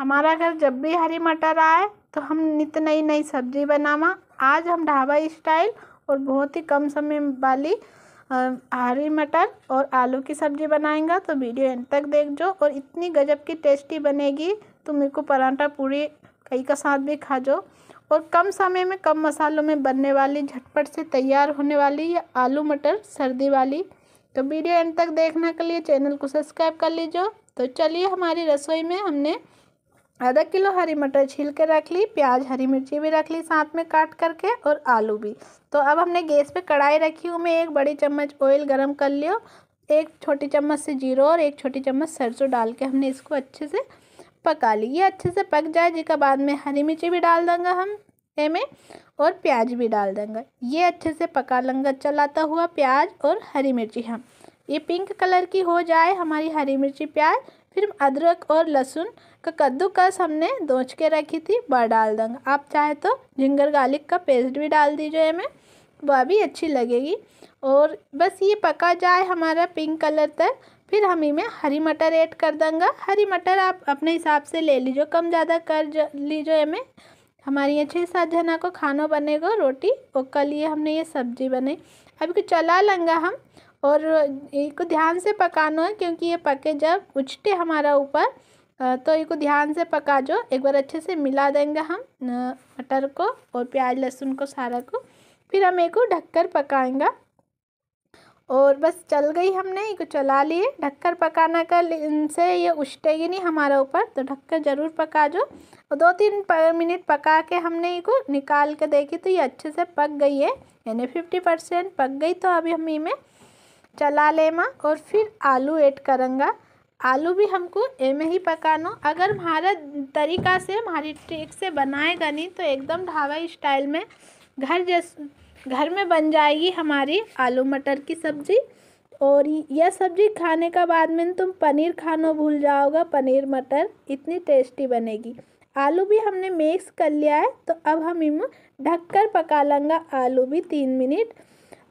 हमारा घर जब भी हरी मटर आए तो हम नित नई नई सब्जी बनावा आज हम ढाबा स्टाइल और बहुत ही कम समय वाली हरी मटर और आलू की सब्जी बनाएंगा तो वीडियो एंड तक देख जो और इतनी गजब की टेस्टी बनेगी तो मेरे को पराठा पूरी कई का साथ भी खा जो और कम समय में कम मसालों में बनने वाली झटपट से तैयार होने वाली या आलू मटर सर्दी वाली तो वीडियो एंड तक देखने के लिए चैनल को सब्सक्राइब कर लीजिए तो चलिए हमारी रसोई में हमने आधा किलो हरी मटर छील कर रख ली प्याज हरी मिर्ची भी रख ली साथ में काट करके और आलू भी तो अब हमने गैस पे कढ़ाई रखी हूँ मैं एक बड़ी चम्मच ऑयल गरम कर लियो एक छोटी चम्मच से जीरो और एक छोटी चम्मच सरसों डाल के हमने इसको अच्छे से पका ली ये अच्छे से पक जाए जिसके बाद में हरी मिर्ची भी डाल देंगे हम में और प्याज भी डाल देंगे ये अच्छे से पका लेंगे चलाता हुआ प्याज और हरी मिर्ची हम ये पिंक कलर की हो जाए हमारी हरी मिर्ची प्याज फिर अदरक और लहसुन का कद्दूकस हमने दोच के रखी थी वह डाल देंगे आप चाहे तो जिंगर गार्लिक का पेस्ट भी डाल दीजिए हमें वह भी अच्छी लगेगी और बस ये पका जाए हमारा पिंक कलर तक फिर हम इमें हरी मटर ऐड कर देंगे हरी मटर आप अपने हिसाब से ले लीजिए कम ज़्यादा कर लीजिए हमें हमारी ये छः सात जना को खाना बनेगा रोटी और कल ये हमने ये सब्जी बनाई अभी कुछ चला लेंगे हम और इनको ध्यान से पकाना है क्योंकि ये पके जब उछटे हमारा ऊपर तो इनको ध्यान से पका जो एक बार अच्छे से मिला देंगे हम मटर को और प्याज लहसुन को सारा को फिर हम एक ढक कर पकाएंगे और बस चल गई हमने इसको चला लिए ढककर पकाना का इनसे ये उछटेगी नहीं हमारा ऊपर तो ढककर ज़रूर पका जो और दो तीन मिनट पका के हमने इसको निकाल के देखी तो ये अच्छे से पक गई है यानी फिफ्टी परसेंट पक गई तो अभी हम इमें चला लेमा और फिर आलू ऐड करूँगा आलू भी हमको में ही पकाना अगर हमारा तरीका से हमारी ट्रिक से बनाएगा नहीं तो एकदम ढाबा स्टाइल में घर जैस घर में बन जाएगी हमारी आलू मटर की सब्ज़ी और यह सब्ज़ी खाने का बाद में तुम पनीर खाना भूल जाओगा पनीर मटर इतनी टेस्टी बनेगी आलू भी हमने मिक्स कर लिया है तो अब हम इम ढक कर पका लेंगे आलू भी तीन मिनट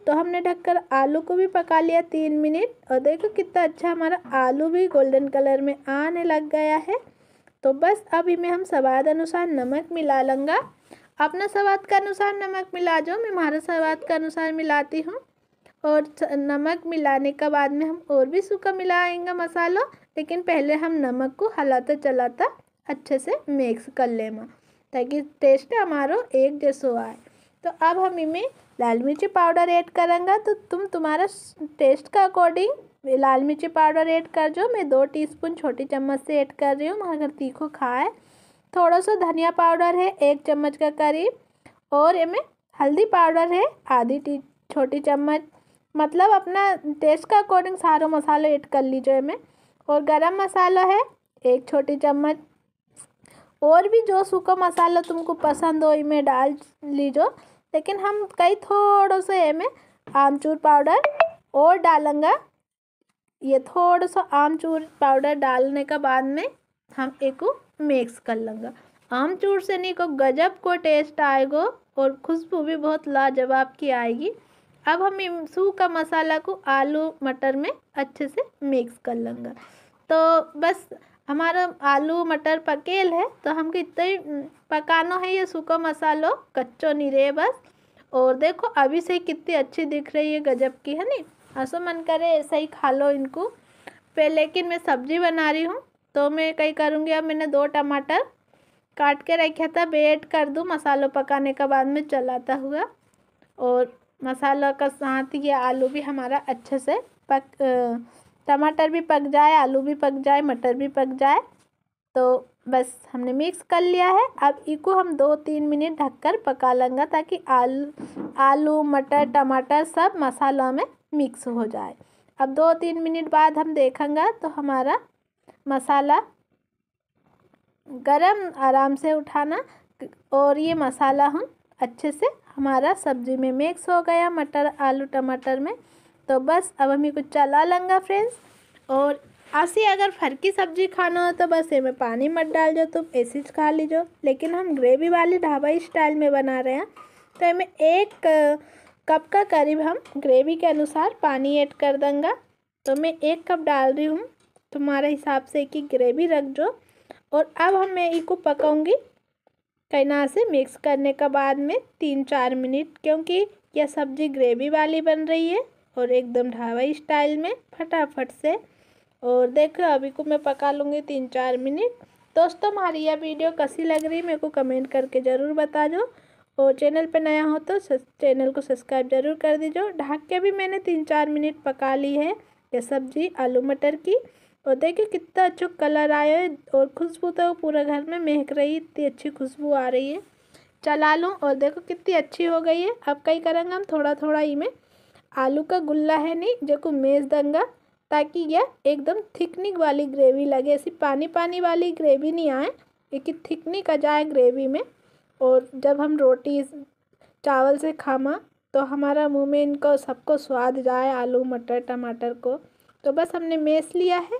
तो हमने ढककर आलू को भी पका लिया तीन मिनट और देखो कितना अच्छा हमारा आलू भी गोल्डन कलर में आने लग गया है तो बस अब मैं हम स्वाद अनुसार नमक मिला लूँगा अपना स्वाद के अनुसार नमक मिला जो मैं हमारा स्वाद के अनुसार मिलाती हूँ और नमक मिलाने के बाद में हम और भी सूखा मिलाएंगे मसालों लेकिन पहले हम नमक को हलाता चलाता अच्छे से मिक्स कर लेंगे ताकि टेस्ट हमारो एक जैसो आए तो अब हम इनमें लाल मिर्ची पाउडर ऐड करूँगा तो तुम तुम्हारा टेस्ट का अकॉर्डिंग लाल मिर्ची पाउडर ऐड कर जो मैं दो टीस्पून छोटी चम्मच से ऐड कर रही हूँ अगर तीखो खाए थोड़ा सा धनिया पाउडर है एक चम्मच का करीब और इमें हल्दी पाउडर है आधी टी छोटी चम्मच मतलब अपना टेस्ट का अकॉर्डिंग सारो मसाले ऐड कर लीजिए इसमें और गरम मसाला है एक छोटी चम्मच और भी जो सूखा मसाला तुमको पसंद हो इसमें डाल लीजो लेकिन हम कई थोड़ो सा ये में आमचूर पाउडर और डालेंगे ये थोड़ा सा आमचूर पाउडर डालने के बाद में हम एक मिक्स कर लेंगे आमचूर से नहीं को गजब को टेस्ट आएगा और खुशबू भी बहुत लाजवाब की आएगी अब हम सूखा मसाला को आलू मटर में अच्छे से मिक्स कर लेंगे तो बस हमारा आलू मटर पकेल है तो हमको इतना ही पकाना है ये सूखा मसालो कच्चो नहीं रहे बस और देखो अभी से कितनी अच्छी दिख रही है गजब की है नी ऐसा मन करे ऐसे ही खा लो इनको पे लेकिन मैं सब्जी बना रही हूँ तो मैं कहीं करूँगी अब मैंने दो टमाटर काट के रखा था वेट कर दूँ मसालों पकाने का बाद में चलाता हुआ और मसाला का साथ ये आलू भी हमारा अच्छे से पक आ, टमाटर भी पक जाए आलू भी पक जाए मटर भी पक जाए तो बस हमने मिक्स कर लिया है अब इको हम दो तीन मिनट ढककर पका लेंगे ताकि आलू आलू मटर टमाटर सब मसालों में मिक्स हो जाए अब दो तीन मिनट बाद हम देखेंगे तो हमारा मसाला गरम आराम से उठाना और ये मसाला हम अच्छे से हमारा सब्जी में मिक्स हो गया मटर आलू टमाटर में तो बस अब हमें कुछ चला लूँगा फ्रेंड्स और ऐसे अगर फरकी सब्जी खाना हो तो बस इसमें पानी मत डाल दो तुम ऐसे खा लीजो लेकिन हम ग्रेवी वाली ढाबा स्टाइल में बना रहे हैं तो इसमें एक कप का करीब हम ग्रेवी के अनुसार पानी ऐड कर देंगे तो मैं एक कप डाल रही हूँ तुम्हारे हिसाब से कि ग्रेवी रख दो और अब हम मैं इसको पकाऊँगी कहना से मिक्स करने के बाद में तीन चार मिनट क्योंकि यह सब्ज़ी ग्रेवी वाली बन रही है और एकदम ढाबा स्टाइल में फटाफट से और देखो अभी को मैं पका लूँगी तीन चार मिनट दोस्तों हमारी यह वीडियो कैसी लग रही मेरे को कमेंट करके ज़रूर बता दो और चैनल पर नया हो तो चैनल को सब्सक्राइब जरूर कर दीजिए ढाक के भी मैंने तीन चार मिनट पका ली है यह सब्जी आलू मटर की और देखिए कितना अच्छा कलर आया है और खुशबू तो पूरा घर में महक रही इतनी अच्छी खुशबू आ रही है चला लूँ और देखो कितनी अच्छी हो गई है अब कई करेंगे हम थोड़ा थोड़ा ही में आलू का गुल्ला है नहीं जो मेज दंगा ताकि यह एकदम थिकनिक वाली ग्रेवी लगे ऐसी पानी पानी वाली ग्रेवी नहीं आए एक थिकनिक आ जाए ग्रेवी में और जब हम रोटी चावल से खामा तो हमारा मुंह में इनको सबको स्वाद जाए आलू मटर टमाटर को तो बस हमने मेस लिया है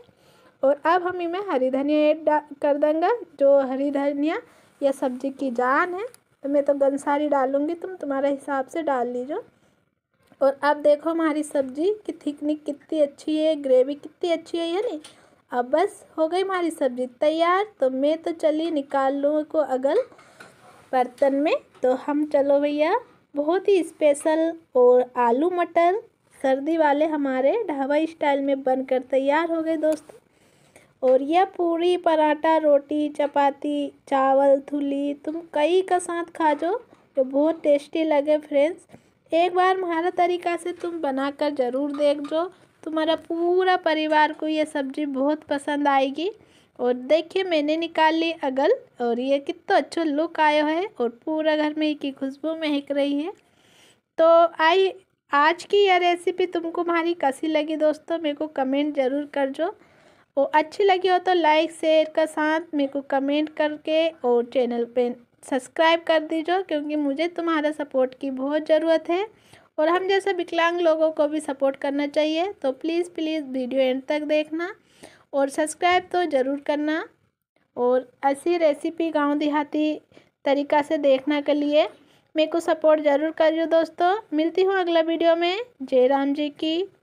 और अब हम इनमें हरी धनिया ऐड कर देंगे जो हरी धनिया या सब्जी की जान है तो मैं तो गंसारी डालूँगी तुम तुम्हारे हिसाब से डाल लीजिए और अब देखो हमारी सब्जी की थिकनिक कितनी अच्छी है ग्रेवी कितनी अच्छी है यानी अब बस हो गई हमारी सब्जी तैयार तो मैं तो चली निकाल लूँ को अगल बर्तन में तो हम चलो भैया बहुत ही स्पेशल और आलू मटर सर्दी वाले हमारे ढाबा स्टाइल में बनकर तैयार हो गए दोस्तों और यह पूरी पराठा रोटी चपाती चावल थुली तुम कई का साथ खा जो जो बहुत टेस्टी लगे फ्रेंड्स एक बार हमारा तरीका से तुम बना कर ज़रूर देख दो तुम्हारा पूरा परिवार को ये सब्ज़ी बहुत पसंद आएगी और देखिए मैंने निकाल ली अगल और ये कितना अच्छा लुक आया है और पूरा घर में की खुशबू महक रही है तो आई आज की यह रेसिपी तुमको हमारी कैसी लगी दोस्तों मेरे को कमेंट ज़रूर कर जो और अच्छी लगी हो तो लाइक शेयर का साथ मेरे को कमेंट करके और चैनल पे सब्सक्राइब कर दीजिए क्योंकि मुझे तुम्हारा सपोर्ट की बहुत ज़रूरत है और हम जैसे विकलांग लोगों को भी सपोर्ट करना चाहिए तो प्लीज़ प्लीज़ वीडियो एंड तक देखना और सब्सक्राइब तो ज़रूर करना और ऐसी रेसिपी गांव देहाती तरीका से देखना के लिए मेरे को सपोर्ट ज़रूर करियो दोस्तों मिलती हूँ अगला वीडियो में जय राम जी की